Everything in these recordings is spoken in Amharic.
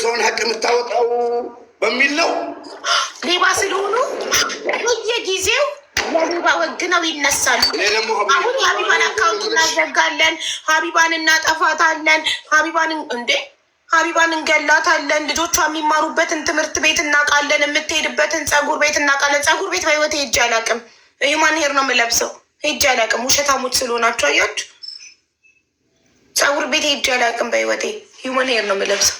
የሰውን ሀቅ የምታወጣው በሚል ነው። ሌባ ስለሆኑ በየጊዜው ለሌባ ወግ ነው ይነሳሉ። አሁን ሀቢባን አካውንት እናዘጋለን፣ ሀቢባን እናጠፋታለን፣ ሀቢባን እንዴ ሀቢባን እንገላታለን። ልጆቿ የሚማሩበትን ትምህርት ቤት እናውቃለን። የምትሄድበትን ፀጉር ቤት እናውቃለን። ፀጉር ቤት በህይወት ሄጄ አላውቅም። ሂውማን ሄር ነው የምለብሰው። ሄጄ አላውቅም። ውሸታሞች ስለሆናቸው አያችሁ፣ ፀጉር ቤት ሄጄ አላውቅም። በህይወቴ ሂውማን ሄር ነው የምለብሰው።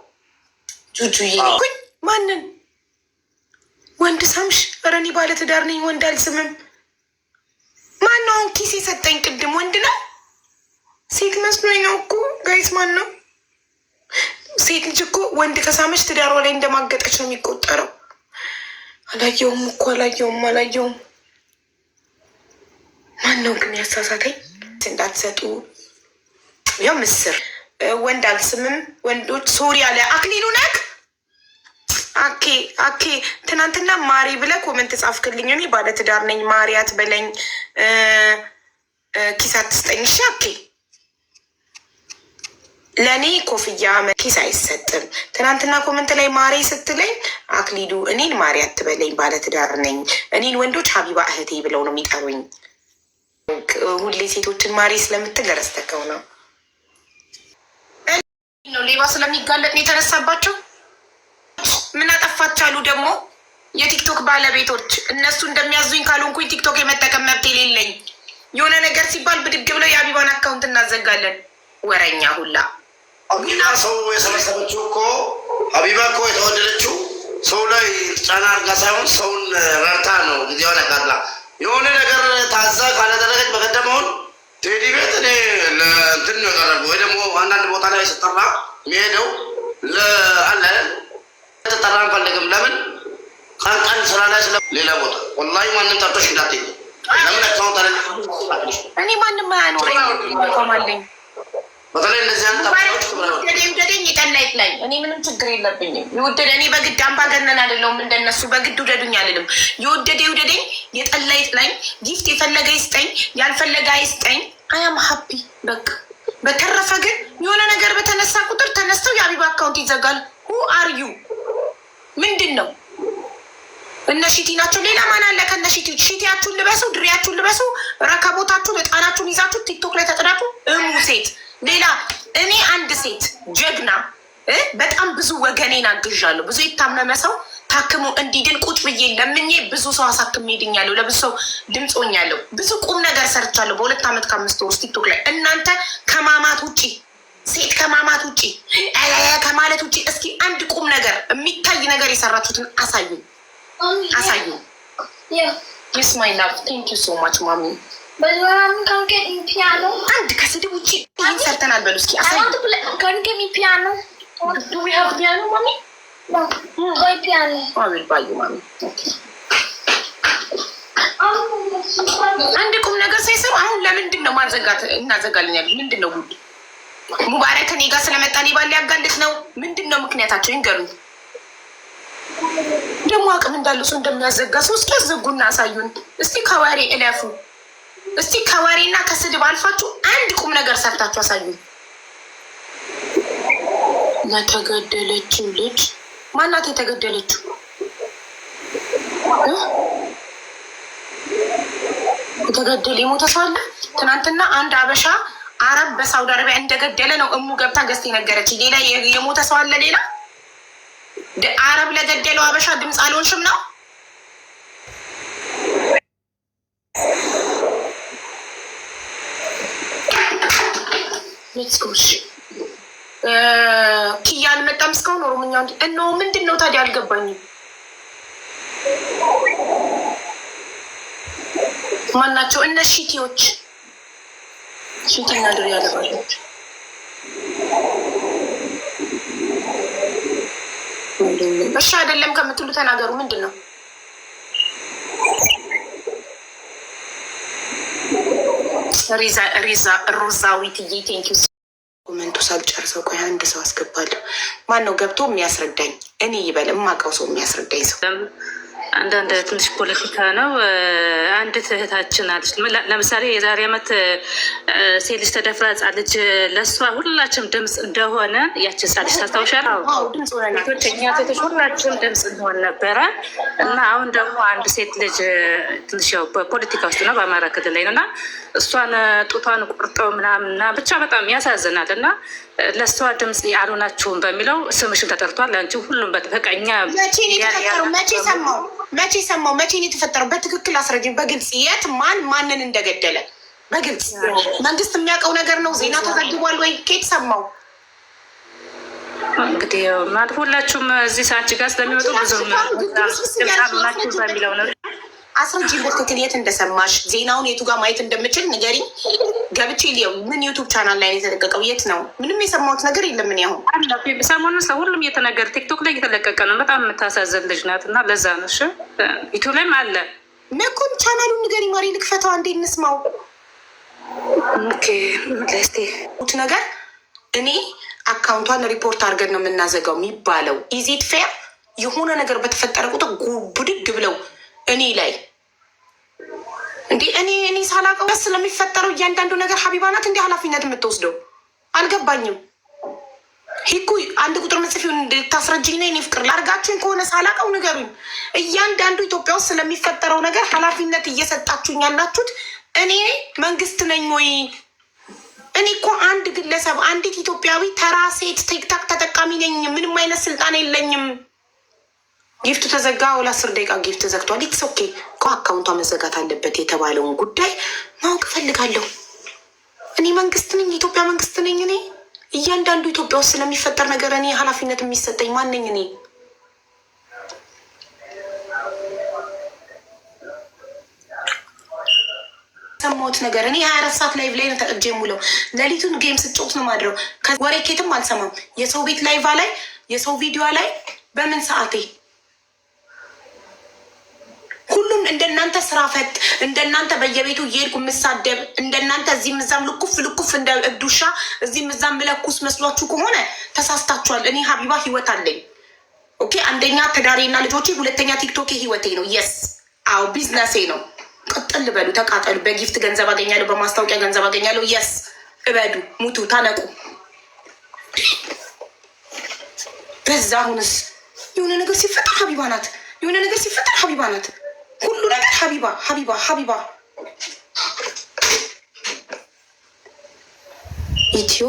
ጁጁዬ ኩኝ ማንን ወንድ ሳምሽ? ኧረ እኔ ባለትዳር ነኝ፣ ወንድ አልስምም። ማነው አሁን ኪስ የሰጠኝ? ቅድም ወንድ ነው ሴት መስሎኝ ነው እኮ ጋይስ። ማን ነው ሴት ልጅ እኮ ወንድ ከሳመች ትዳሯ ላይ እንደማገጠች ነው የሚቆጠረው። አላየውም እኮ አላየውም፣ አላየውም። ማን ነው ግን ያሳሳተኝ? እንዳትሰጡ ያው ምስር ወንድ አልስምም ወንዶች ሶሪ አለ አክሊሉ ነክ አኬ አኬ ትናንትና ማሪ ብለ ኮመንት ጻፍክልኝ። እኔ ባለትዳር ነኝ ማሪ አትበለኝ ኪስ አትስጠኝ። እሺ አኬ ለእኔ ኮፍያ መኪስ አይሰጥም። ትናንትና ኮመንት ላይ ማሬ ስትለኝ አክሊሉ እኔን ማሪ አትበለኝ ባለትዳር ነኝ። እኔን ወንዶች ሀቢባ እህቴ ብለው ነው የሚጠሩኝ። ሁሌ ሴቶችን ማሪ ስለምትል ረስተከው ነው ነው ሌባ ስለሚጋለጥ ነው የተነሳባቸው። ምን አጠፋች አሉ ደግሞ የቲክቶክ ባለቤቶች። እነሱ እንደሚያዙኝ ካልሆንኩኝ ቲክቶክ የመጠቀም መብት የሌለኝ የሆነ ነገር ሲባል ብድግ ብለው የአቢባን አካውንት እናዘጋለን። ወረኛ ሁላ አቢባ ሰው የሰበሰበችው እኮ አቢባ እኮ የተወደደችው ሰው ላይ ጫና አርጋ ሳይሆን ሰውን ረርታ ነው ጊዜዋን ያቃጥላ የሆነ ነገር ታዛ ካላደረገች በቀደመውን ቴዲ ቤት እኔ ለእንትን ነው የቀረብኩ ወይ ደግሞ አንዳንድ ቦታ ላይ ስጠራ የሚሄደው ለአለ ተጠራ አንፈልግም። ለምን ቀን ቀን ስራ ላይ ስለ ሌላ ቦታ ወላሂ ማንም ጠርቶሽ እንዳትሄድ ለምን አካውንት አለ እኔ ማንም አያኖረኝ ቆማለኝ በተለይ እንደዚህ ውደደኝ የጠላ ይጥላኝ፣ እኔ ምንም ችግር የለብኝም። ይውደደ እኔ በግድ አምባገነን አይደለሁም። እንደነሱ በግድ ውደዱኝ አልልም። የወደደ ውደደኝ፣ የጠላ ይጥላኝ፣ ጊፍት የፈለገ ይስጠኝ፣ ያልፈለገ አይስጠኝ። አያም ሀፒ በቃ። በተረፈ ግን የሆነ ነገር በተነሳ ቁጥር ተነስተው የአቢባ አካውንት ይዘጋል። ሁ አርዩ ምንድን ነው? እነ ሺቲ ናቸው። ሌላ ማን አለ? ከነ ሺቲ ሺቲያችሁን ልበሱ፣ ድሪያችሁን ልበሱ፣ ረከቦታችሁን፣ እጣናችሁን ይዛችሁ ቲክቶክ ላይ ተጥዳቱ እሙ ሴት ሌላ እኔ አንድ ሴት ጀግና በጣም ብዙ ወገኔን አግዣለሁ። ብዙ የታመመ ሰው ታክሞ እንዲድን ቁጭ ብዬ ለምኜ ብዙ ሰው አሳክሜ ድኛለሁ። ለብዙ ሰው ድምፆኛለሁ። ብዙ ቁም ነገር ሰርቻለሁ። በሁለት ዓመት ከአምስት ወር ቲክቶክ ላይ እናንተ ከማማት ውጪ ሴት ከማማት ውጪ ከማለት ውጪ እስኪ አንድ ቁም ነገር የሚታይ ነገር የሰራችሁትን አሳዩ አሳዩ። ስ ማይ ላቭ ቴንክ ዩ ሶ ማች ማሚ አንድ ከስድብ ውጭ ይህን ሰርተናል በሉ እስኪ አንድ ቁም ነገር ሳይሰሩ አሁን ለምንድን ነው ማዘጋት? እናዘጋለን ያሉ ምንድን ነው ጉድ? ሙባረክ እኔ ጋር ስለመጣ እኔ ባል ሊያጋልጥ ነው። ምንድን ነው ምክንያታቸው? ይንገሩኝ። ደግሞ አቅም እንዳለው ሰው እንደሚያዘጋ ሰው እስኪ ያዘጉና አሳዩን እስቲ። ከወሬ እለፉ። እስቲ ከወሬና ከስድብ አልፋችሁ አንድ ቁም ነገር ሰርታችሁ አሳዩ። ለተገደለችው ልጅ ማናት የተገደለችው? የተገደለ የሞተ ሰው አለ? ትናንትና አንድ አበሻ አረብ በሳውዲ አረቢያ እንደገደለ ነው እሙ ገብታ ገዝታ ነገረች። ሌላ የሞተ ሰው አለ? ሌላ አረብ ለገደለው አበሻ ድምፅ አልሆንሽም ነው ሜክሲኮሽ ኪያ አልመጣም እስካሁን ኦሮምኛ እነ ምንድን ነው ታዲያ አልገባኝም። ማናቸው እነ ሺቲዎች ሺቲና ድር ያለባለች እሺ አይደለም ከምትሉ ተናገሩ። ምንድን ነው ሪዛ ሪዛ ሩዛዊትዬ ቴንኪው ኮመንቱ ሳልጨርሰው ቆይ አንድ ሰው አስገባለሁ። ማን ነው ገብቶ የሚያስረዳኝ? እኔ ይበል የማውቀው ሰው የሚያስረዳኝ ሰው አንዳንድ ትንሽ ፖለቲካ ነው። አንዲት እህታችን አለች። ለምሳሌ የዛሬ ዓመት ሴት ልጅ ተደፍራ ሕፃን ልጅ ለእሷ ሁላችንም ድምፅ እንደሆነ ያች ሕፃን ልጅ ታስታውሻለሽ? እኛ ሴቶች ሁላችንም ድምፅ እንደሆን ነበረ እና አሁን ደግሞ አንድ ሴት ልጅ ትንሽ ያው በፖለቲካ ውስጥ ነው፣ በአማራ ክልል ላይ ነው እና እሷን ጡቷን ምናምን ምናምንና ብቻ በጣም ያሳዝናል እና ለእሷ ድምፅ አልሆናችሁም በሚለው ስምሽም ተጠርቷል። አንቺ ሁሉም በቀኛ መቼ መቼ ሰማው? መቼ ሰማው መቼ የተፈጠረው? በትክክል አስረጅም በግልጽ የት ማን ማንን እንደገደለ በግልጽ መንግስት የሚያውቀው ነገር ነው። ዜና ተዘግቧል ወይ? ኬት ሰማው? እንግዲህ ማለት ሁላችሁም እዚህ ሰዓት ጋር ስለሚወጡ ናችሁ በሚለው ነው አስረጅ ልክክል የት እንደሰማሽ ዜናውን የቱ ጋር ማየት እንደምችል ንገሪኝ። ገብቼ ሊየው ምን ዩቱብ ቻናል ላይ የተለቀቀው የት ነው? ምንም የሰማሁት ነገር የለም። እኔ አሁን ሰሞኑን ሰው ሁሉም የተነገር ቲክቶክ ላይ የተለቀቀ ነው። በጣም የምታሳዘን ልጅ ናት እና ለዛ ነው ዩቱብ ላይም አለ መኮን ቻናሉን ንገሪ ማሪ፣ ልክፈተዋ እንዴ እንስማው። ኦኬ ነገር እኔ አካውንቷን ሪፖርት አድርገን ነው የምናዘጋው የሚባለው። ኢዚት ፌር የሆነ ነገር በተፈጠረ ቁጥር ጉብድግ ብለው እኔ ላይ እንዲህ እኔ እኔ ሳላውቀው ስለሚፈጠረው እያንዳንዱ ነገር ሀቢባ ናት እንዲህ ኃላፊነት የምትወስደው አልገባኝም። ሂኩ አንድ ቁጥር መጽፊውን ታስረጅኝ ነ ኔ ፍቅር ላርጋችሁኝ ከሆነ ሳላውቀው ንገሩኝ። እያንዳንዱ ኢትዮጵያ ውስጥ ስለሚፈጠረው ነገር ኃላፊነት እየሰጣችሁኝ ያላችሁት እኔ መንግስት ነኝ ወይ? እኔ እኮ አንድ ግለሰብ አንዲት ኢትዮጵያዊ ተራ ሴት ቲክታክ ተጠቃሚ ነኝ። ምንም አይነት ስልጣን የለኝም። ጊፍት ተዘጋ። ለአስር ደቂቃ ጊፍት ተዘግቷል። ኢትስ ኦኬ እኮ አካውንቷ መዘጋት አለበት የተባለውን ጉዳይ ማወቅ እፈልጋለሁ። እኔ መንግስት ነኝ፣ የኢትዮጵያ መንግስት ነኝ። እኔ እያንዳንዱ ኢትዮጵያ ውስጥ ስለሚፈጠር ነገር እኔ ኃላፊነት የሚሰጠኝ ማነኝ? እኔ ሰማሁት ነገር እኔ ሀያ አራት ሰዓት ላይቭ ላይ ነው ተቀጄ የምውለው። ሌሊቱን ጌም ስጮት ነው ማድረው። ወሬ ኬትም አልሰማም። የሰው ቤት ላይቫ ላይ የሰው ቪዲዮ ላይ በምን ሰዓቴ ሁሉም እንደናንተ ስራ ፈት እንደናንተ በየቤቱ እየሄድኩ የምሳደብ እንደናንተ እዚህ ምዛም ልኩፍ ልኩፍ እንደ እዱሻ እዚህ ምዛም ምለኩስ መስሏችሁ ከሆነ ተሳስታችኋል። እኔ ሀቢባ ህይወት አለኝ። ኦኬ አንደኛ ትዳሬና ልጆቼ፣ ሁለተኛ ቲክቶኬ ህይወቴ ነው። የስ አዎ ቢዝነሴ ነው። ቅጥል በሉ ተቃጠሉ። በጊፍት ገንዘብ አገኛለሁ፣ በማስታወቂያ ገንዘብ አገኛለሁ። የስ እበዱ፣ ሙቱ፣ ታነቁ። በዛ አሁንስ የሆነ ነገር ሲፈጠር ሀቢባ ናት። የሆነ ነገር ሲፈጠር ሀቢባ ናት። ሁሉ ነገር ሀቢባ ሀቢባ ሀቢባ ኢትዮ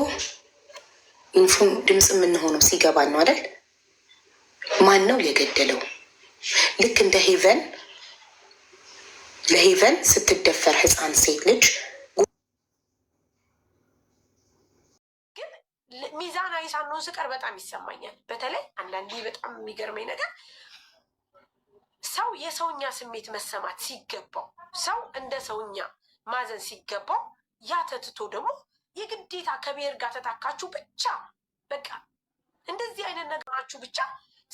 ኢንፎም ድምፅ የምንሆነው ሲገባን ነው አይደል? ማን ነው የገደለው? ልክ እንደ ሄቨን ለሄቨን ስትደፈር ህፃን ሴት ልጅ ሚዛን አይሳኖ ስቀር በጣም ይሰማኛል። በተለይ አንዳንዴ በጣም የሚገርመኝ ነገር ሰው የሰውኛ ስሜት መሰማት ሲገባው ሰው እንደ ሰውኛ ማዘን ሲገባው ያ ተትቶ ደግሞ የግዴታ ከብሔር ጋር ተታካችሁ ብቻ በቃ እንደዚህ አይነት ነገራችሁ ብቻ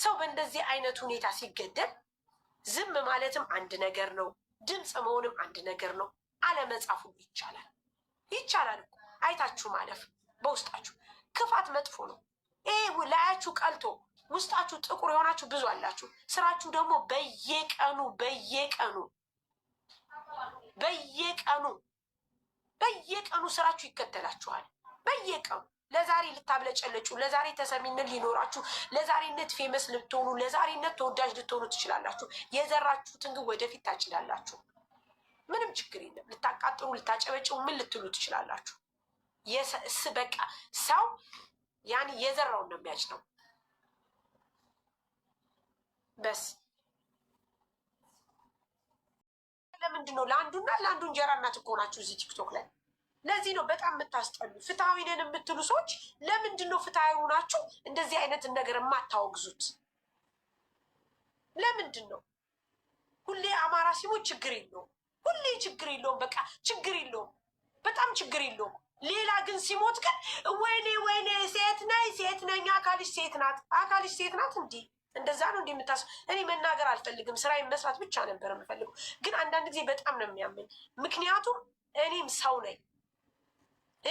ሰው በእንደዚህ አይነት ሁኔታ ሲገደል ዝም ማለትም አንድ ነገር ነው፣ ድምፅ መሆንም አንድ ነገር ነው። አለመጻፉ ይቻላል ይቻላል አይታችሁ ማለፍ በውስጣችሁ ክፋት መጥፎ ነው። ይሄ ላያችሁ ቀልቶ ውስጣችሁ ጥቁር የሆናችሁ ብዙ አላችሁ። ስራችሁ ደግሞ በየቀኑ በየቀኑ በየቀኑ በየቀኑ ስራችሁ ይከተላችኋል። በየቀኑ ለዛሬ ልታብለጨለጩ፣ ለዛሬ ተሰሚነት ሊኖራችሁ፣ ለዛሬነት ፌመስ ልትሆኑ፣ ለዛሬነት ተወዳጅ ልትሆኑ ትችላላችሁ። የዘራችሁትን ግን ወደፊት ታጭዳላችሁ። ምንም ችግር የለም። ልታቃጥሩ፣ ልታጨበጭቡ፣ ምን ልትሉ ትችላላችሁ። በቃ ሰው ያን የዘራውን ነው የሚያጭ ነው። በስ ለምንድን ነው ለአንዱና ለአንዱ እንጀራ እናት እኮ ናችሁ እዚህ ቲክቶክ ላይ? ለዚህ ነው በጣም የምታስጠሉ። ፍትሐዊ ነን የምትሉ ሰዎች ለምንድን ነው ፍትሐዊ ሆናችሁ እንደዚህ አይነት ነገር የማታወግዙት? ለምንድን ነው ሁሌ አማራ ሲሞት ችግር የለውም፣ ሁሌ ችግር የለውም፣ በቃ ችግር የለውም፣ በጣም ችግር የለውም። ሌላ ግን ሲሞት ግን ወይኔ ወይኔ፣ ሴት ነኝ ሴት ነኝ፣ አካልሽ ሴት ናት፣ አካልሽ ሴት ናት እንዲህ እንደዛ ነው እንዲምታስ እኔ መናገር አልፈልግም። ስራ መስራት ብቻ ነበር የምፈልገው፣ ግን አንዳንድ ጊዜ በጣም ነው የሚያመኝ። ምክንያቱም እኔም ሰው ነኝ፣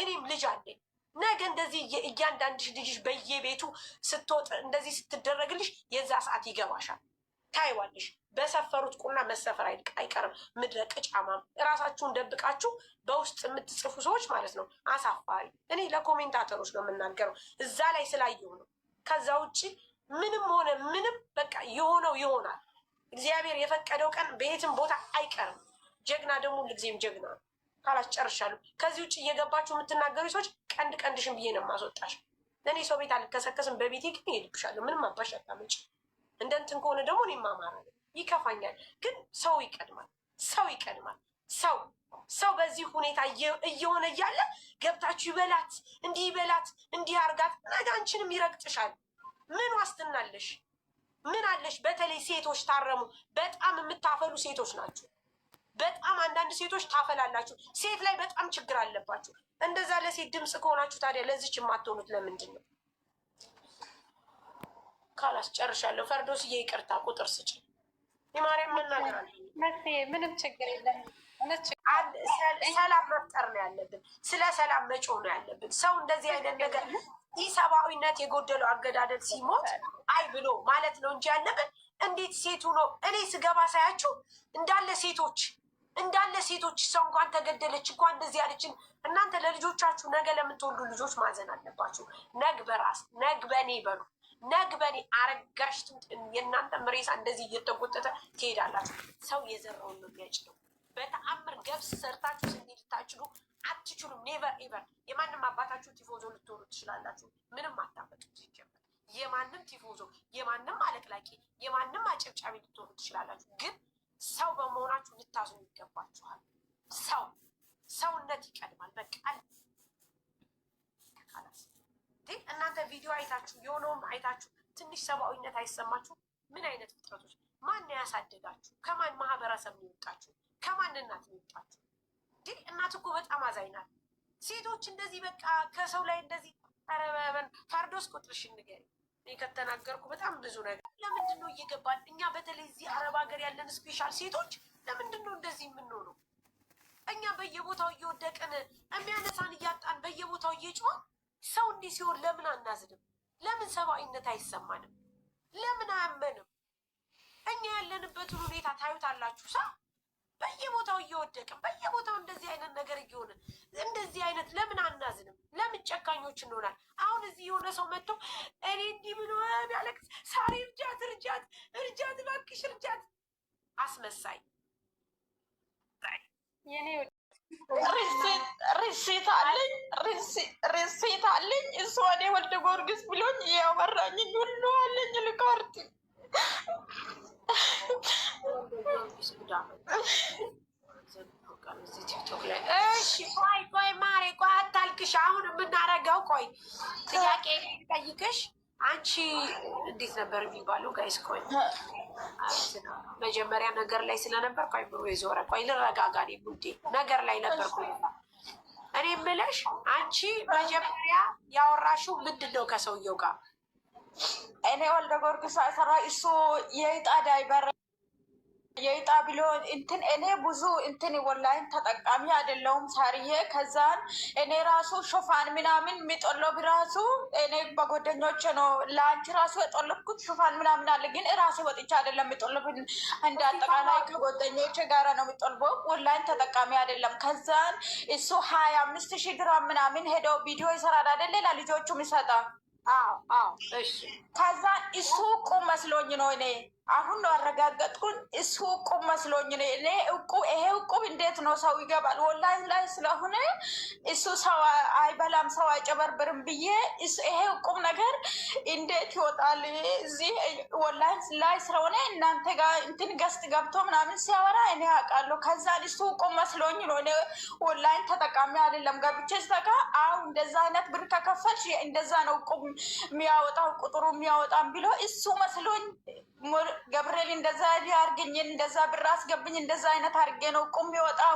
እኔም ልጅ አለኝ። ነገ እንደዚህ እያንዳንድሽ ልጅሽ በየቤቱ ስትወጥ እንደዚህ ስትደረግልሽ የዛ ሰዓት ይገባሻል፣ ታይዋለሽ። በሰፈሩት ቁና መሰፈር አይቀርም። ምድረ ቅጫማ እራሳችሁን ደብቃችሁ በውስጥ የምትጽፉ ሰዎች ማለት ነው። አሳፋሪ። እኔ ለኮሜንታተሮች ነው የምናገረው፣ እዛ ላይ ስላየሁ ነው። ከዛ ውጭ ምንም ሆነ ምንም በቃ የሆነው ይሆናል። እግዚአብሔር የፈቀደው ቀን በየትም ቦታ አይቀርም። ጀግና ደግሞ ሁልጊዜም ጀግና ካላስ ካላስጨርሻለሁ። ከዚህ ውጭ እየገባችሁ የምትናገሩ ሰዎች ቀንድ ቀንድሽን ብዬ ነው ማስወጣሽ። እኔ ሰው ቤት አልከሰከስም፣ በቤቴ ግን ይሄድብሻለሁ። ምንም አባሽ አታመጭ። እንደንትን ከሆነ ደግሞ እኔ ማማረ ይከፋኛል። ግን ሰው ይቀድማል፣ ሰው ይቀድማል። ሰው ሰው በዚህ ሁኔታ እየሆነ እያለ ገብታችሁ ይበላት፣ እንዲህ ይበላት፣ እንዲህ አርጋት፣ ነገ አንቺንም ይረግጥሻል። ምን ዋስትና አለሽ? ምን አለሽ? በተለይ ሴቶች ታረሙ። በጣም የምታፈሉ ሴቶች ናቸው። በጣም አንዳንድ ሴቶች ታፈላላችሁ። ሴት ላይ በጣም ችግር አለባችሁ። እንደዛ ለሴት ድምፅ ከሆናችሁ ታዲያ ለዚች የማትሆኑት ለምንድን ነው? ካላስ ጨርሻለሁ። ፈርዶስዬ ይቅርታ፣ ቁጥር ስጭ። የማርያም መናገር ምንም ችግር የለም። ሰላም መፍጠር ነው ያለብን። ስለ ሰላም መጮህ ነው ያለብን። ሰው እንደዚህ አይነት ነገር ኢሰብአዊነት የጎደለው አገዳደል ሲሞት አይ ብሎ ማለት ነው እንጂ ያለብን እንዴት ሴቱ ነው። እኔ ስገባ ሳያችሁ እንዳለ ሴቶች እንዳለ ሴቶች ሰው እንኳን ተገደለች እንኳን እንደዚህ ያለችን። እናንተ ለልጆቻችሁ ነገ ለምትወልዱ ልጆች ማዘን አለባችሁ። ነግ በራስ ነግ በኔ በሉ ነግ በኔ አረጋሽ። የእናንተ ምሬሳ እንደዚህ እየተጎተተ ትሄዳላችሁ። ሰው የዘራውን ነው የሚያጭደው። በተአምር ገብስ ሰርታችሁ ስንዴ ልታጭዱ አትችሉም። ኔቨር ኤቨር የማንም አባታችሁ ቲፎዞ ልትሆኑ ትችላላችሁ። ምንም አታመጡም። ሲጀመር የማንም ቲፎዞ፣ የማንም አለቅላቂ፣ የማንም አጨብጫቢ ልትሆኑ ትችላላችሁ። ግን ሰው በመሆናችሁ ልታዝኑ ይገባችኋል። ሰው ሰውነት ይቀድማል። በቃ እናንተ ቪዲዮ አይታችሁ የሆነውም አይታችሁ ትንሽ ሰብአዊነት አይሰማችሁ? ምን አይነት ፍጥረቶች! ማን ያሳደጋችሁ? ከማን ማህበረሰብ ነው የወጣችሁ? ከማን እናት ነው የወጣችሁ? እንዴ እናት እኮ በጣም አዛኝ ናት። ሴቶች እንደዚህ በቃ ከሰው ላይ እንደዚህ ረበበን ፋርዶስ ቁጥርሽ ንገሪ። እኔ ከተናገርኩ በጣም ብዙ ነገር። ለምንድን ነው እየገባል እኛ በተለይ እዚህ አረብ ሀገር ያለን ስፔሻል ሴቶች ለምንድን ነው እንደዚህ የምንሆነው? እኛ በየቦታው እየወደቅን የሚያነሳን እያጣን በየቦታው እየጮን ሰው እንዲህ ሲሆን ለምን አናዝንም? ለምን ሰብአዊነት አይሰማንም? ለምን አያመንም? እኛ ያለንበትን ሁኔታ ታዩታላችሁ ሳ በየቦታው እየወደቅን በየቦታው እንደዚህ አይነት ነገር እየሆንን እንደዚህ አይነት ለምን አናዝንም? ለምን ጨካኞች እንሆናል? አሁን እዚህ የሆነ ሰው መጥቶ እኔ እንዲህ ብሎ ያለቅስ ሳሪ እርጃት እርጃት እርጃት እባክሽ እርጃት አስመሳይ ሪሴት አለኝ ሪሴት አለኝ እሱ እኔ ወልደ ጊዮርጊስ ብሎኝ ያወራኝ ሁሉ አለኝ ልካርት ቆይ ቆይ ማሬ ቆይ አታልቅሽ። አሁን የምናረገው ቆይ ጥያቄ ጠይቅሽ አንቺ እንዴት ነበር የሚባለው? ጋይስ ቆይ መጀመሪያ ነገር ላይ ስለነበር ቆይ ብሩ የዞረ ቆይ ልረጋጋ። እኔ ነገር ላይ ነበር። እኔ የምልሽ አንቺ መጀመሪያ ያወራሽው ምንድን ነው ከሰውየው ጋር? እኔ ወልደ ጎርጊስ ሰራ እሱ የጣዳይ በረ የይጣ ብሎ እንትን እኔ ብዙ እንትን ወላይን ተጠቃሚ አይደለሁም ሳርዬ። ከዛን እኔ ራሱ ሹፋን ምናምን የሚጦሎ ብራሱ እኔ በጎደኞች ነው ለአንቺ ራሱ የጦለብኩት ሹፋን ምናምን አለ፣ ግን ራሴ ወጥቻ አይደለም የሚጦልብ። እንዳጠቃላይ ከጎደኞች ከጓደኞች ጋራ ነው የሚጦልቦ። ወላይን ተጠቃሚ አይደለም። ከዛን እሱ ሀያ አምስት ሺ ግራም ምናምን ሄደው ቪዲዮ ይሰራል አይደል? ሌላ ልጆቹም ይሰጣል። ከዛ እሱ ቁም መስሎኝ ነው እኔ አሁን ነው አረጋገጥኩን። እሱ እቁብ መስሎኝ ነው እኔ እቁብ ይሄ እቁብ እንዴት ነው ሰው ይገባል? ወላይ ላይ ስለሆነ እሱ ሰው አይበላም፣ ሰው አይጨበርብርም ብዬ ይሄ እቁብ ነገር እንዴት ይወጣል? እዚህ ወላይ ላይ ስለሆነ እናንተ ጋር እንትን ገስት ገብቶ ምናምን ሲያወራ እኔ አውቃለሁ። ከዛን እሱ እቁብ መስሎኝ ነው እኔ ወላሂ ተጠቃሚ አይደለም ገብቼ ስተካ አሁ እንደዛ አይነት ብር ከከፈልሽ እንደዛ ነው እቁብ የሚያወጣው ቁጥሩ የሚያወጣም ብሎ እሱ መስሎኝ ገብርኤል እንደዛ አድርገኝ እንደዛ ብር አስገብኝ እንደዛ አይነት አርጌ ነው ቁም ይወጣው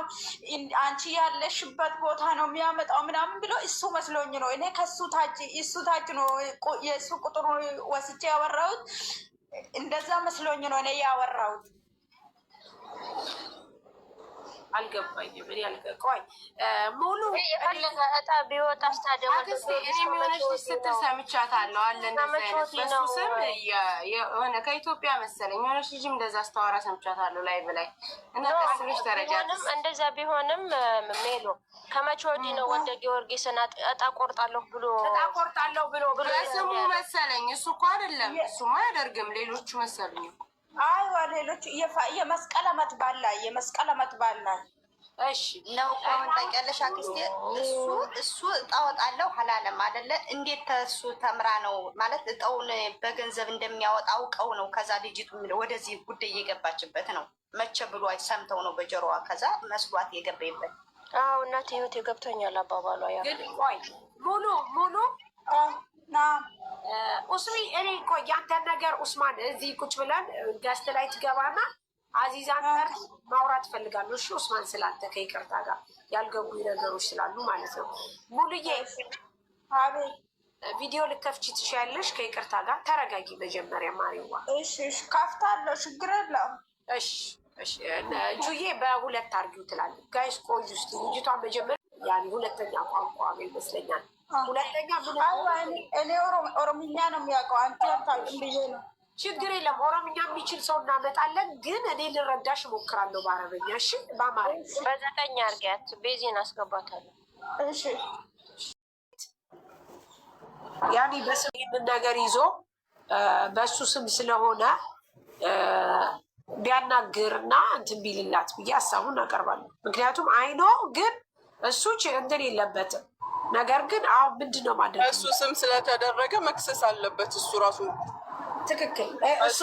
አንቺ ያለሽበት ቦታ ነው የሚያመጣው ምናምን ብሎ እሱ መስሎኝ ነው እኔ ከሱ ታች እሱ ታች ነው የእሱ ቁጥሩ ወስቼ ያወራሁት እንደዛ መስሎኝ ነው እኔ ያወራሁት። አልገባኝም። እኔ አልገቀዋይ ሙሉ የፈለገ እጣ ቢወጣ ስትል ሰምቻታለሁ። አለ በሱ ስም የሆነ ከኢትዮጵያ መሰለኝ የሆነች ልጅም እንደዛ አስተዋራ ሰምቻታለሁ ላይ በላይ እና ስሎች ደረጃ እንደዛ ቢሆንም ሜሎ ከመቼ ወዲህ ነው ወደ ጊዮርጊስ እጣ ቆርጣለሁ ብሎ እጣ ቆርጣለሁ ብሎ ብሎ ስሙ መሰለኝ። እሱ እኮ አይደለም እሱማ አያደርግም። ሌሎቹ መሰሉኝ እኮ አይዋ ሌሎች የመስቀል አመት በዓል ላይ የመስቀል አመት በዓል ላይ እሺ ነው እኮ አሁን ታውቂያለሽ አክስቴ፣ እሱ እሱ እጣ ወጣለሁ አላለም አይደለ? እንዴት ተሱ ተምራ ነው ማለት እጣውን በገንዘብ እንደሚያወጣ አውቀው ነው። ከዛ ልጅቱ ወደዚህ ጉዳይ እየገባችበት ነው። መቼ ብሎ ሰምተው ነው በጆሮዋ፣ ከዛ መስሏት የገባይበት። አዎ እናቴ ህይወት የገብቶኛል አባባሏ ያ ሙሉ ሙሉ ኡስሚ እኔ እኮ ያንተን ነገር ኡስማን እዚህ ቁጭ ብለን ገስት ላይ ትገባና አዚዛን ጠር ማውራት እፈልጋለሁ። እሺ ኡስማን ስላንተ ከይቅርታ ጋር ያልገቡ ነገሮች ስላሉ ማለት ነው። ሙሉዬ ቪዲዮ ትችያለሽ። ከይቅርታ ጋር ተረጋጊ መጀመሪያ ማሪዋ። እሺ እሺ፣ ከፍታለሁ፣ ችግር የለውም። ከፍታለሁ ችግር እሺ ጁዬ በሁለት አርጊው ትላለች። ጋይስ ቆዩ እስኪ ልጅቷን መጀመሪያ ያን ሁለተኛ ቋንቋ ይመስለኛል ሁለተኛ እኔ ኦሮምኛ ነው የሚያውቀው አንተ ታውቅም ብዬ ነው። ችግር የለም ኦሮምኛ የሚችል ሰው እናመጣለን። ግን እኔ ልረዳሽ እሞክራለሁ በአረበኛ። እሺ፣ በአማርኛ በዘጠኝ አድርጊያት። ቤዚን አስገባታለሁ። እሺ፣ ያኔ በስም ይህንን ነገር ይዞ በእሱ ስም ስለሆነ ቢያናግርና እንትን ቢልላት ብዬ ሀሳቡን አቀርባለሁ። ምክንያቱም አይኖ ግን እሱ እንትን የለበትም ነገር ግን አሁን ምንድን ነው ማድረግ እሱ ስም ስለተደረገ መክሰስ አለበት። እሱ ራሱ ትክክል እሱ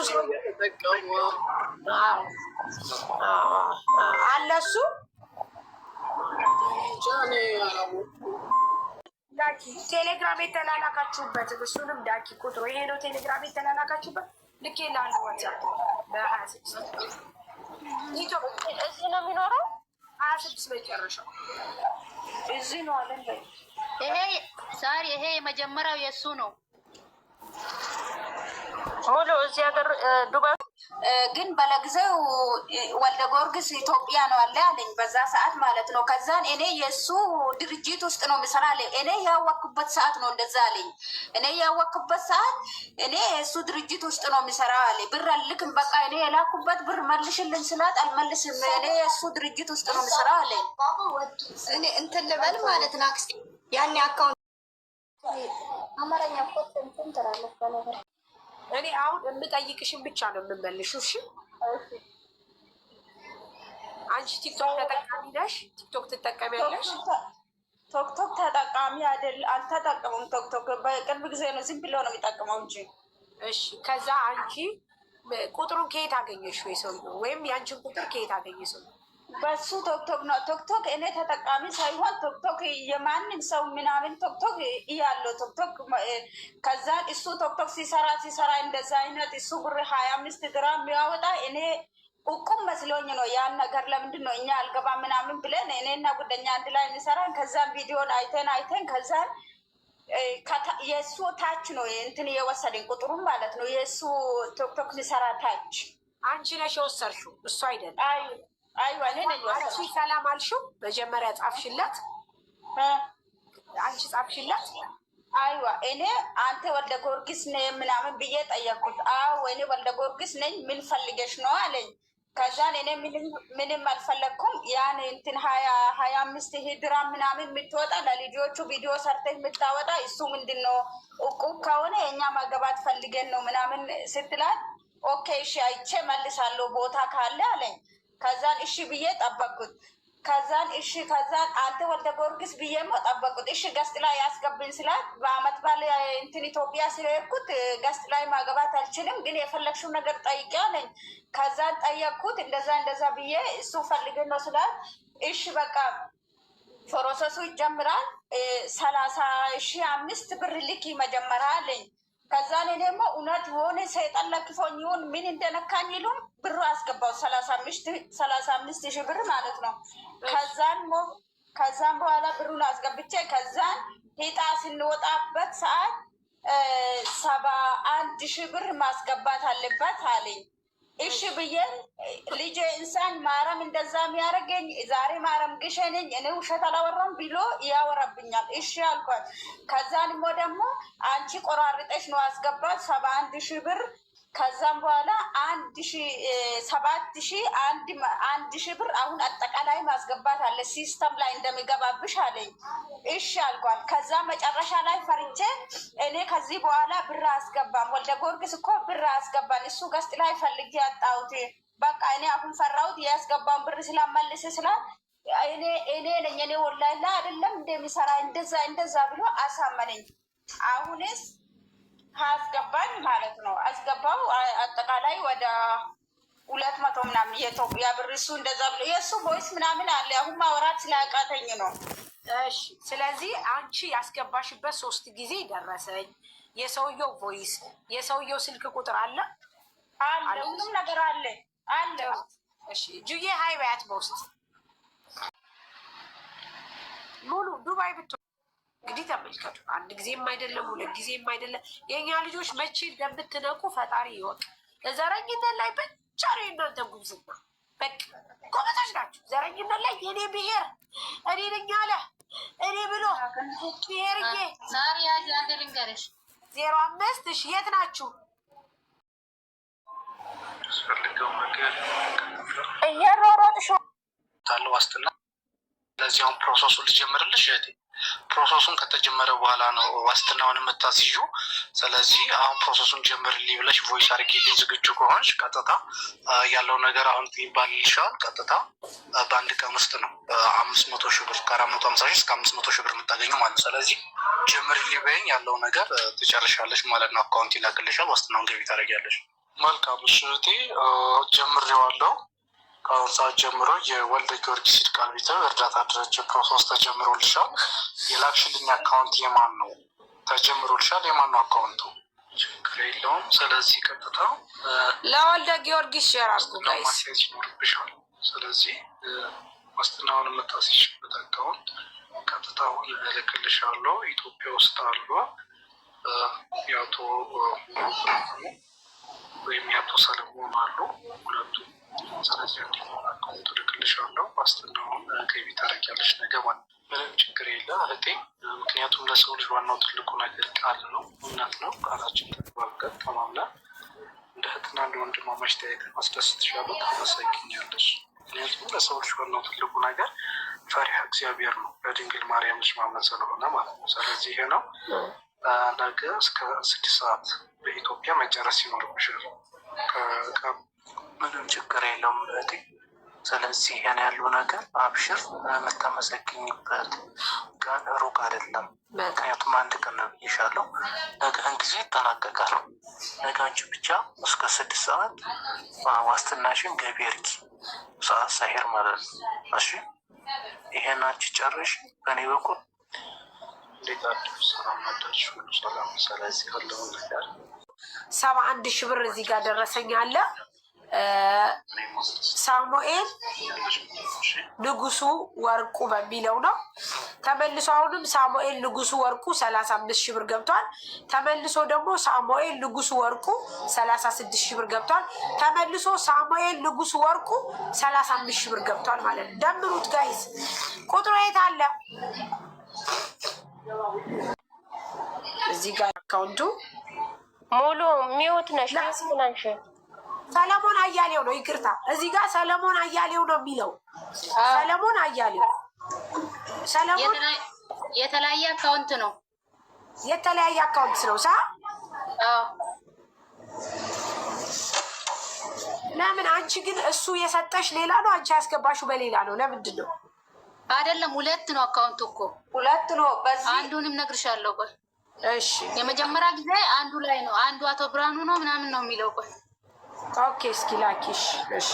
አለ እሱ ዳኪ ቴሌግራም የተላላካችሁበት እሱንም ዳኪ ቁጥሩ ይሄ ነው። ቴሌግራም የተላላካችሁበት ልኬ ላለ ዋትሳፕ በሀያ ስድስት እዚህ ነው የሚኖረው ሀያ ስድስት መጨረሻው እዚህ ነው አለን። ይሄ ሳሪ ይሄ የመጀመሪያው የእሱ ነው። ሙሉ እዚህ ሀገር ዱባይ ግን በለጊዜው ወልደ ጊዮርጊስ ኢትዮጵያ ነው አለ አለኝ። በዛ ሰዓት ማለት ነው። ከዛን እኔ የእሱ ድርጅት ውስጥ ነው የሚሰራ አለኝ። እኔ ያወቅኩበት ሰዓት ነው እንደዛ አለኝ። እኔ ያወቅኩበት ሰዓት እኔ የእሱ ድርጅት ውስጥ ነው የሚሰራ አለ። ብር አልክም፣ በቃ እኔ የላኩበት ብር መልሽልን ስላት አልመልስም፣ እኔ የእሱ ድርጅት ውስጥ ነው የሚሰራ አለ። እኔ እንትን ልበል ማለት ነው ያኔ አካውንት አማርኛ ኮት እንትን ትላለች በነገር እኔ አሁን የምጠይቅሽን ብቻ ነው የምመልሽው። እሺ አንቺ ቲክቶክ ተጠቃሚ ነሽ? ቲክቶክ ትጠቀሚያለሽ? ቶክቶክ ተጠቃሚ አይደል? አልተጠቀሙም። ቶክቶክ በቅርብ ጊዜ ነው ዝም ብሎ ነው የሚጠቅመው እንጂ። እሺ፣ ከዛ አንቺ ቁጥሩን ከየት አገኘሽ? ወይ ሰው ወይም የአንቺን ቁጥር ከየት አገኘ ሰው በሱ ቶክቶክ ነው። ቶክቶክ እኔ ተጠቃሚ ሳይሆን ቶክቶክ የማንም ሰው ምናምን ቶክቶክ እያለው ቶክቶክ ከዛ እሱ ቶክቶክ ሲሰራ ሲሰራ እንደዛ አይነት እሱ ብር ሀያ አምስት ግራም የሚያወጣ እኔ ቁቁም መስሎኝ ነው ያን ነገር ለምንድን ነው እኛ አልገባ ምናምን ብለን እኔና ጉደኛ አንድ ላይ እንሰራን። ከዛን ቪዲዮን አይተን አይተን ከዛን የእሱ ታች ነው እንትን የወሰደኝ ቁጥሩን ማለት ነው የእሱ ቶክቶክ ሲሰራ ታች አንቺ ነሽ የወሰድሽው እሱ አይደለም። አንቺ ሰላም አልሽው መጀመሪያ ጻፍሽላት፣ አንቺ ጻፍሽላት። አይዋ እኔ አንተ ወልደ ጊዮርጊስ ነህ ምናምን ብዬ ጠየቅኩት። አዎ እኔ ወልደ ጊዮርጊስ ነኝ፣ ምን ፈልገሽ ነው አለኝ። ከዛን እኔ ምንም አልፈለግኩም። ያን እንትን ሀያ ሀያ አምስት ሂድራ ምናምን የምትወጣ ለልጆቹ ቪዲዮ ሰርተ የምታወጣ እሱ ምንድን ነው እቁብ ከሆነ የእኛ መገባት ፈልገን ነው ምናምን ስትላት፣ ኦኬ እሺ አይቼ መልሳለሁ ቦታ ካለ አለኝ። ከዛን እሺ ብዬ ጠበቅኩት። ከዛን እሺ ከዛን አንተ ወልደ ጊዮርጊስ ብዬሞ ጠበቁት። እሺ ገስት ላይ ያስገብኝ ስላት በአመት ባል እንትን ኢትዮጵያ ስለሄድኩት ገስት ላይ ማገባት አልችልም፣ ግን የፈለግሽው ነገር ጠይቂ አለኝ። ከዛን ጠየቅኩት። እንደዛ እንደዛ ብዬ እሱ ፈልግ ነው ስላት እሺ በቃ ፕሮሰሱ ይጀምራል። ሰላሳ ሺህ አምስት ብር ልኪ መጀመሪያ አለኝ። ከዛ እኔ ደግሞ እውነት ሆነ ሰይጣን ለክፎኝ ይሁን ምን እንደነካኝ ይሉም ብሩ አስገባው ሰላሳ አምስት ሺህ ብር ማለት ነው። ከዛን ሞ ከዛን በኋላ ብሩን አስገብቼ ከዛን ሂጣ ስንወጣበት ሰዓት ሰባ አንድ ሺህ ብር ማስገባት አለበት አለኝ። እሺ ብዬ ልጅ እንሳን ማረም እንደዛ የሚያደርገኝ ዛሬ ማረም ግሸንኝ እኔ ውሸት አላወራም ብሎ ያወራብኛል። እሺ አልኳት። ከዛንሞ ደግሞ አንቺ ቆራርጠሽ ነው አስገባት ሰባ አንድ ሺህ ብር ከዛም በኋላ አንድ ሺ ሰባት ሺ አንድ ሺ ብር አሁን አጠቃላይ ማስገባት አለ ሲስተም ላይ እንደሚገባብሽ አለኝ። እሺ አልኳል። ከዛ መጨረሻ ላይ ፈርቼ እኔ ከዚህ በኋላ ብር አስገባም ወልደ ጊዮርጊስ እኮ ብር አስገባን እሱ ገስጥ ላይ ፈልጌ ያጣሁት በቃ እኔ አሁን ፈራሁት ያስገባን ብር ስላመልስ ስላል እኔ እኔ ነኝ እኔ ወላይላ አይደለም እንደሚሰራ እንደዛ እንደዛ ብሎ አሳመነኝ። አሁንስ ካስገባኝ ማለት ነው አስገባው አጠቃላይ ወደ ሁለት መቶ ምናምን የኢትዮጵያ ብር እሱ እንደዛ ብሎ የእሱ ቮይስ ምናምን አለ። አሁን ማውራት ስለአቃተኝ ነው። እሺ፣ ስለዚህ አንቺ ያስገባሽበት ሶስት ጊዜ ደረሰኝ፣ የሰውየው ቮይስ፣ የሰውየው ስልክ ቁጥር አለ አለ፣ ሁሉም ነገር አለ አለ። እሺ፣ ጁዬ ሀይ በያት በውስጥ ሙሉ ዱባይ ብቶ እንግዲህ ተመልከቱ። አንድ ጊዜም አይደለም፣ ሁለት ጊዜም አይደለም። የእኛ ልጆች መቼ እንደምትነቁ ፈጣሪ ይወቅ። ዘረኝነት ላይ ብቻ ነው የእናንተ ጉብዝና። በቃ ጎበቶች ናቸው። ዘረኝነት ላይ የኔ ብሄር እኔ ነኝ አለ እኔ ብሎ ብሔርዬ ዜሮ አምስት እሺ፣ የት ናችሁ? ያስፈልገው ታለ ዋስትና ስለዚህ ፕሮሰሱ ልጀምርልሽ እህቴ። ፕሮሰሱን ከተጀመረ በኋላ ነው ዋስትናውን የምታስዩ። ስለዚህ አሁን ፕሮሰሱን ጀምርልኝ ብለሽ ቮይስ አርጌልኝ ዝግጁ ከሆንሽ ቀጥታ ያለው ነገር አሁን ይባልልሻል። ቀጥታ በአንድ ቀን ውስጥ ነው አምስት መቶ ሺህ ብር ከአራት መቶ ሀምሳ ሺህ እስከ አምስት መቶ ሺህ ብር የምታገኙ ማለት ነው። ስለዚህ ጀምርልኝ በይኝ፣ ያለው ነገር ትጨርሻለሽ ማለት ነው። አካውንት ይላክልሻል፣ ዋስትናውን ገቢ ታደርጊያለሽ። መልካም እሺ እህቴ ጀምሬዋለሁ። ከአሁን ሰዓት ጀምሮ የወልደ ጊዮርጊስ ይድቃል ቤተ እርዳታ ድርጅት ፕሮሰስ ተጀምሮልሻል። የላክሽልኝ አካውንት የማን ነው? ተጀምሮልሻል። የማን ነው አካውንቱ? ችግር የለውም። ስለዚህ ቀጥታ ለወልደ ጊዮርጊስ ሸራርጉ ማስያዝ ይኖርብሻል። ስለዚህ ዋስትናውን የምታስይሽበት አካውንት ቀጥታ ይመለክልሻለሁ። ኢትዮጵያ ውስጥ አሉ የአቶ ወይም የአቶ ሰለሞን አሉ ሁለቱም ስለዚህ እንዲሆን አካውንት እልክልሻለሁ፣ ዋስትናውን ገቢ ታደርጊያለሽ ነገ ማለት ምንም ችግር የለ እህቴ። ምክንያቱም ለሰው ልጅ ዋናው ትልቁ ነገር ቃል ነው፣ እምነት ነው። ቃላችን ተግባብቀን ተማምለን እንደ እህትና እንደ ወንድማማች ተያይተን አስደስትሻለሁ፣ ታመሰግኛለሽ። ምክንያቱም ለሰው ልጅ ዋናው ትልቁ ነገር ፈሪሃ እግዚአብሔር ነው፣ በድንግል ማርያም ልጅ ማመን ስለሆነ ማለት ነው። ስለዚህ ይሄ ነው። ነገ እስከ ስድስት ሰዓት በኢትዮጵያ መጨረስ ይኖርብሻል። ምንም ችግር የለውም እህቴ። ስለዚህ ያን ያለው ነገር አብሽር፣ የምታመሰግኝበት ቀን ሩቅ አይደለም። ምክንያቱም አንድ ቀን ነው ብዬሻለሁ። ነገህን ጊዜ ይጠናቀቃል። ነገ አንቺ ብቻ እስከ ስድስት ሰዓት ዋስትናሽን ገቢ እርጊ፣ ሰዓት ሳሄር ማለት ነው። እሺ ይሄን አንቺ ጨርሽ። በእኔ በኩል እንዴት ሰላም አዳች ሰላም። ስለዚህ ነገር ሰባ አንድ ሺህ ብር እዚህ ጋር ደረሰኝ አለ ሳሙኤል ንጉሱ ወርቁ በሚለው ነው። ተመልሶ አሁንም ሳሙኤል ንጉሱ ወርቁ ሰላሳ አምስት ሺህ ብር ገብቷል። ተመልሶ ደግሞ ሳሙኤል ንጉሱ ወርቁ ሰላሳ ስድስት ሺህ ብር ገብቷል። ተመልሶ ሳሙኤል ንጉሱ ወርቁ ሰላሳ አምስት ሺህ ብር ገብቷል ማለት ነው። ደምሩት ጋይዝ፣ ቁጥሩ የት አለ? እዚህ ጋር አካውንቱ ሙሉ ሚዩት ነሽ ነሽ ሰለሞን አያሌው ነው። ይቅርታ እዚህ ጋር ሰለሞን አያሌው ነው የሚለው። ሰለሞን አያሌው ሰለሞን የተለያየ አካውንት ነው። የተለያየ አካውንት ነው። ሳ ለምን አንቺ ግን እሱ የሰጠሽ ሌላ ነው፣ አንቺ ያስገባሹ በሌላ ነው። ለምንድን ነው? አይደለም ሁለት ነው አካውንቱ እኮ ሁለት ነው። በዚህ አንዱንም ነግርሻለሁ። ቆይ እሺ፣ የመጀመሪያ ጊዜ አንዱ ላይ ነው። አንዱ አቶ ብርሃኑ ነው ምናምን ነው የሚለው ቆይ ኦኬ፣ እስኪ ላኪሽ። እሺ